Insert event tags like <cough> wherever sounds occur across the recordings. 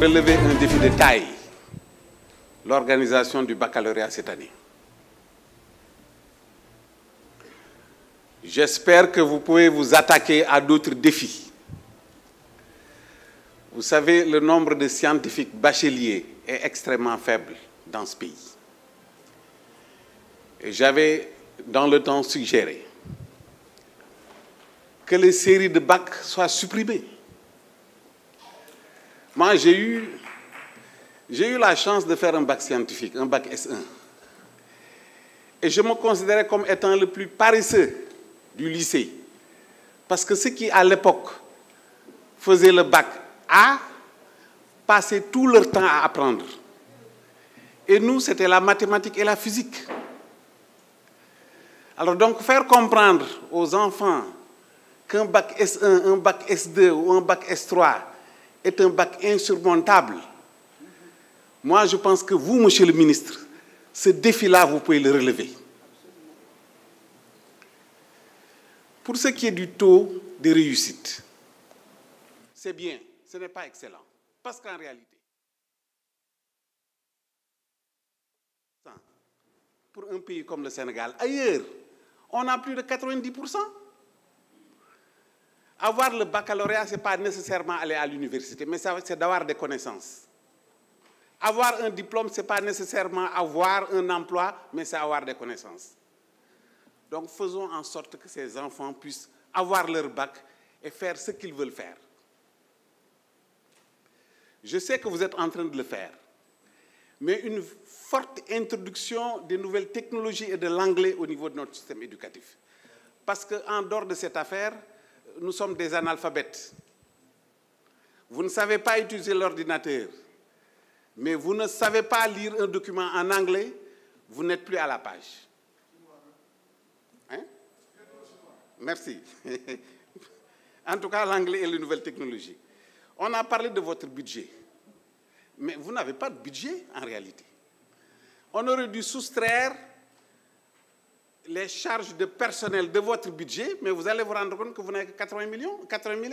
relevé un défi de taille, l'organisation du baccalauréat cette année. J'espère que vous pouvez vous attaquer à d'autres défis. Vous savez, le nombre de scientifiques bacheliers est extrêmement faible dans ce pays. j'avais dans le temps suggéré que les séries de bac soient supprimées. Moi, j'ai eu, la chance de faire un bac scientifique, un bac S1. Et je me considérais comme étant le plus paresseux du lycée. Parce que ceux qui, à l'époque, faisaient le bac A, passaient tout leur temps à apprendre. Et nous, c'était la mathématique et la physique. Alors donc, faire comprendre aux enfants qu'un bac S1, un bac S2 ou un bac S3 est un bac insurmontable. je pense que vous, monsieur ministre, ce défi-là, vous le relever. Pour ce qui est du taux de bien, ce n'est Parce qu'en réalité, pour un pays comme le Sénégal, ailleurs, on a plus de 90%. Avoir le baccalauréat, ce n'est pas nécessairement aller à l'université, mais c'est d'avoir des connaissances. Avoir un diplôme, ce pas nécessairement avoir un emploi, mais c'est avoir des connaissances. Donc faisons en sorte que ces enfants puissent avoir leur bac et faire ce qu'ils veulent faire. Je sais que vous êtes en train de le faire, mais une forte introduction des nouvelles technologies et de l'anglais au niveau de notre système éducatif. Parce qu'en dehors de cette affaire, nous sommes des analphabètes. Vous ne savez pas utiliser l'ordinateur, mais vous ne savez pas lire un document en anglais, vous n'êtes plus à la page. Merci. <laughs> en tout cas, l'anglais est une nouvelle technologie. On a parlé de votre budget, mais vous n'avez pas de budget en réalité. On aurait dû soustraire les charges de personnel de votre budget, mais vous allez vous rendre compte que vous n'avez que 80 millions, 80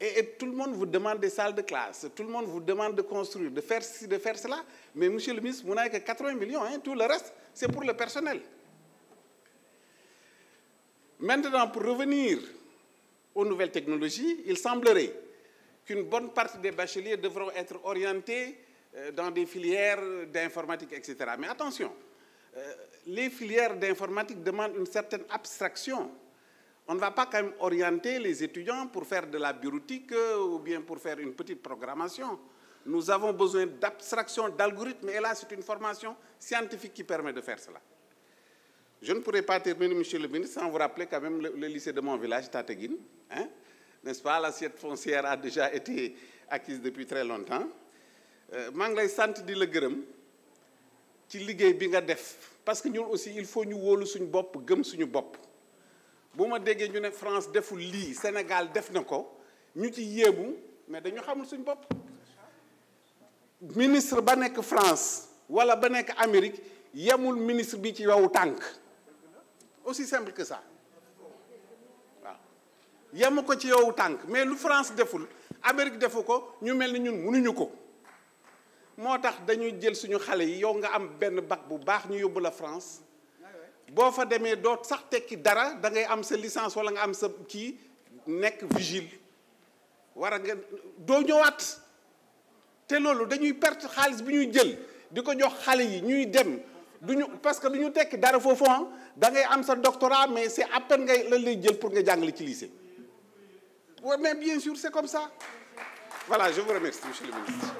Et, et, tout le monde demande des salles de classe, tout le monde vous demande de construire, de faire ci, de faire cela. Mais monsieur le ministre, vous n'avez que 80 millions, le reste, c'est Maintenant, pour revenir aux nouvelles technologies, il semblerait qu'une bonne partie des bacheliers devront être orientés euh, dans des filières d'informatique, etc. Mais attention, Euh, les filières d'informatique demandent une certaine abstraction. On ne va pas quand même orienter les étudiants pour faire de la bureautique euh, ou bien pour faire une petite programmation. Nous avons besoin d'abstraction, d'algorithmes, et là, c'est une formation scientifique qui permet de faire cela. Je ne pourrais pas terminer, monsieur le ministre, sans vous rappeler quand même le, le lycée de mon village, Tateguine. Hein? N'est-ce pas L'assiette foncière a déjà été acquise euh, maa ngi lay sant di la gërëm. ci liggéey bi nga def parce que ñun aussi il faut ñu wóolu suñu bopp gëm suñu bopp bu ma déggee ñu ne France deful lii Sénégal def na ko ñu ci yéemu mais dañu xamul suñu bopp ministre ba nekk France wala ba nekk Amérique yemul ministre bi ci yowu tànk aussi simple que ça waaw ko ci yowu tànk mais lu France deful Amérique defu ko ñu mel ni ñun munuñu ko moo tax dañuy jël suñu xale yi yow nga am benn bac bu baax ñu yóbbu la France boo fa demee doo sax tekki dara dangay am sa licence wala nga am sa kii nekk vigile war a nga doo ñëwaat te loolu dañuy perte xaalis bu ñuy jël di ko jox xale yi ñuy dem duñu parce que du ñu tekki dara foofu ah. da ngay am sa doctorat mais c'est à peine ngay lan lay jël pour nga jàngale ci lycée mais bien sûr c'est comme ça voilà je vous remercie monsieur le ministre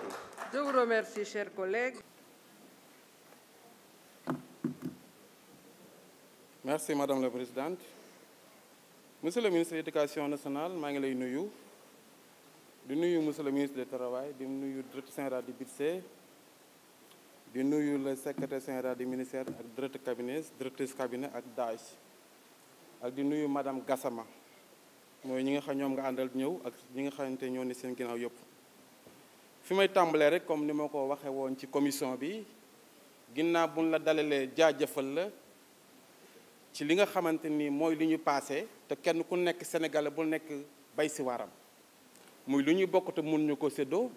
Je vous remercie, chers collègues. Merci, Madame la Présidente. Monsieur le ministre de l'Éducation nationale maa ngi lay nuyu di nuyu monsieur le ministre du travail di nuyu directeur général du budget di nuyu le secrétaire général di ministère ak directeur cabinet directrice cabinet ak DAGE ak di nuyu madame gasama mooy ñi nga xam ñoom nga àndal ñëw ak ñi nga xamante ñoo ni seen ginnaaw yëpp fi may tàmbalee rek comme ni ma ko waxee woon ci commission bi ginnaaw buñ la dalalee jaa jëfal la ci li nga xamante ni mooy li ñuy paase te kenn ku nekk Sénégal bu nekk bay si waaram muy lu ñuy bokkut te mun ñu ko séddoo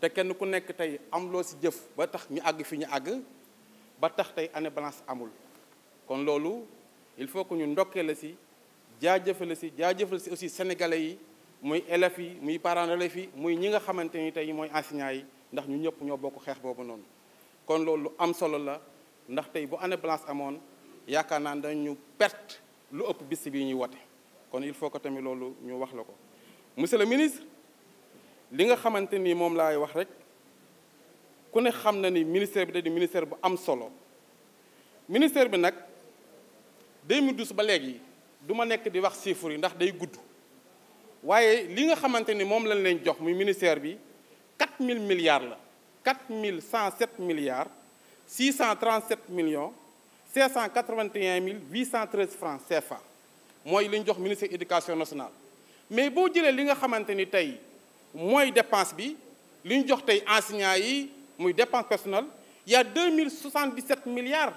te kenn ku nekk tey am loo si jëf ba tax ñu àgg fi ñu àgg ba tax tey année blanche amul kon loolu il faut que ñu ndokkee la si jaajëfal la si jaajëfal si aussi sénégalais yi muy élèves yi muy parents d'élèves yi muy ñi nga xamante ni tey mooy enseignants yi ndax ñu ñëpp ñoo bokk xeex boobu noonu kon loolu am solo la ndax tey bu année blanche amoon yaakaar naa ñu perte lu ëpp bis bi ñuy wate kon il faut que tamit loolu ñu wax la ko monsieur le ministre li nga xamante ni moom laay wax rek ku ne xam na ni ministère bi da di ministère bu am solo ministère bi nag 2012 ba léegi du ma nekk di wax chiffres yi ndax day gudd waaye li nga xamante ni moom lañ leen jox muy ministère bi 4000 milliards la 4107 million 637 millions 581 mille 813 francs CFA mooy li ñu jox ministère éducation nationale. mais boo jëlee li nga xamante ni tey mooy dépense bi li ñu jox tey enseignants yi muy dépense personnelle y a 2077 milliards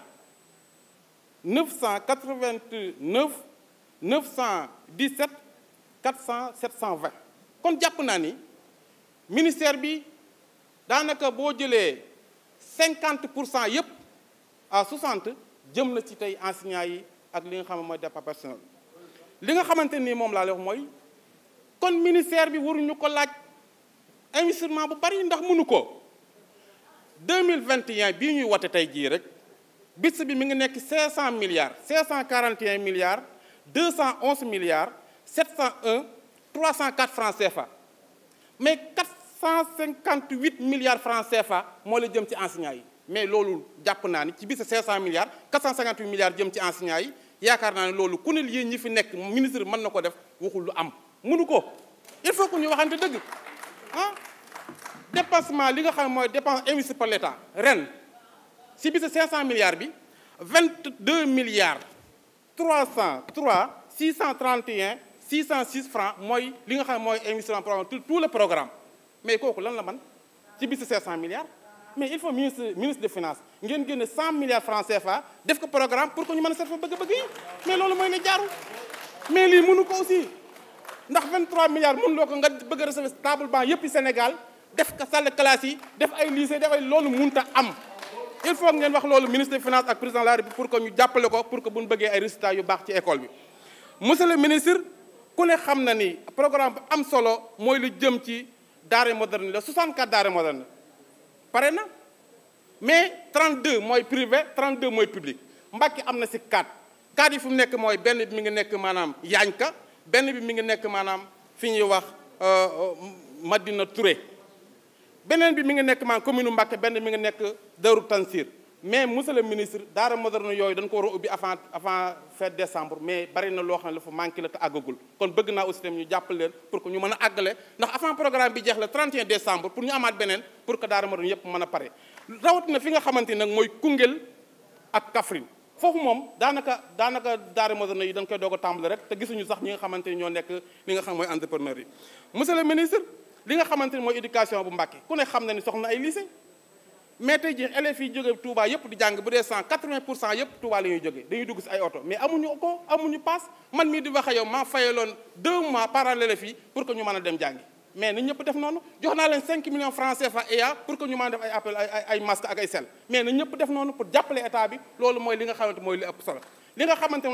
989 917. 400 720 kon jàpp naa ni ministère bi daanaka boo jëlee 50 pour cent yëpp à 60 jëm na ci tey enseignants yi ak li nga xam mooy départ personnel li nga xamante ni moom laa lay mooy kon ministère bi waruñu ko laaj investissement bu bari ndax mënu ko 2021 bii ñuy wate tey jii rek bist bi mu ngi nekk 500 milliards 541 milliards 211 milliards. 701 304 francs fa mais 458 milliards francs fa moo la jëm ci enseignants yi mais loolu jàpp naa ni ci biir 500 milliards 458 milliards jëm ci enseignants yi yaakaar naa ne loolu ku ne yéen ñi fi nekk ministre mën na ko def waxul lu am mënu ko il faut que ñu waxante dëgg ah dépassement li nga xam mooy dépense investie par l'État ren si biir 500 milliards bi 22 milliards 303 631 606 francs mooy li nga xam ne mooy investissement programme tout le programme mais kooku lan la man ci biir 500 milliards mais il faut ministre ministre des ngeen génne milliards francs CFA def ko programme pour que ñu mën a seet fa bëgg-bëgg yi mais loolu mooy ne jaaru mais lii mënu ko aussi ndax milliards mën loo ko nga bëgg a table banc yëpp Sénégal def ko salle classe yi def ay lycée def ay loolu mënta am il faut ngeen wax ku ne xam na ni programme bu am solo mooy lu jëm ci daare moderne la 64 daare moderne pare na mais trente deux mooy privé 32 mooy public Mbàkke am na si 4 4 yi fu mu nekk mooy benn bi mi ngi nekk maanaam Yaañka benn bi mi ngi nekk maanaam fi ñuy wax euh, euh, Madina Touré beneen bi mi ngi nekk maanaam commune Mbàkke benn mi ngi nekk Daaru Tansiir mais monsieur le ministre daara moderne yooyu dañ ko war a ubbi avant avant fin décembre mais bari na loo xam ne dafa manqué la te àggagul kon bëgg naa aussi tamit ñu jàppale leen pour que ñu mën a àggale ndax avant programme bi jeex la 31 décembre pour ñu amaat beneen pour que daara moderne yëpp mën a pare rawatina fi nga xamante ni nag mooy Koungheul ak Kaffrine foofu moom daanaka daanaka daara moderne yi dañ koy doog a tàmbale rek te gisuñu sax ñi nga xamante ni ñoo nekk li nga xam mooy entrepreneur yi monsieur le ministre li nga xamante ni mooy éducation bu Mbàkke ku ne xam na ni soxla na ay lycée mais tey jii élèves yi jóge Touba yëpp di jàng bu dee cent quatre-vingt pour cent yëpp Touba la jóge dañuy dugg si ay oto mais amuñu ko amuñu paas man mii di wax ak yow maa fayaloon deux mois parallèle fii pour que ñu mën a dem jàngi mais nañ ñëpp def noonu jox naa leen cinq millions francs CFA EA pour que ñu mën a def ay appel ay ay masque ak ay sel mais na ñëpp def noonu pour jàppale état bi loolu mooy li nga xamante mooy li ëpp solo li nga xamante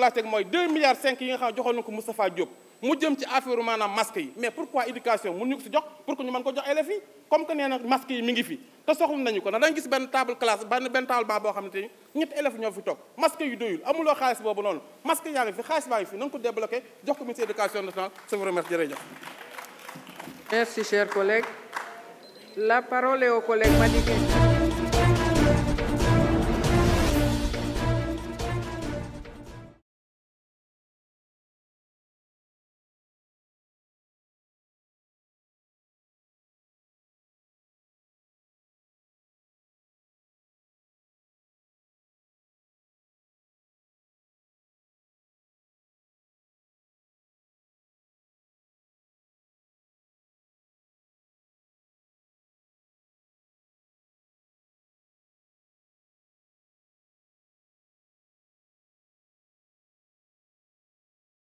mu jëm ci affaire maanaam masque yi mais pourquoi éducation mun ñu ko si jox pour que ñu mën ko jox élèves yi comme que nee na masque yi mi ngi fi te soxla nañu ko ndax dañu gis benn table classe benn benn table banc boo xam ne te ñetti élèves ñoo fi toog masque yu doyul amuloo xaalis boobu noonu masque yaa ngi fi xaalis baa ngi fi na ko débloqué jox ko ministère éducation nationale je vous remercie jërëjëf. merci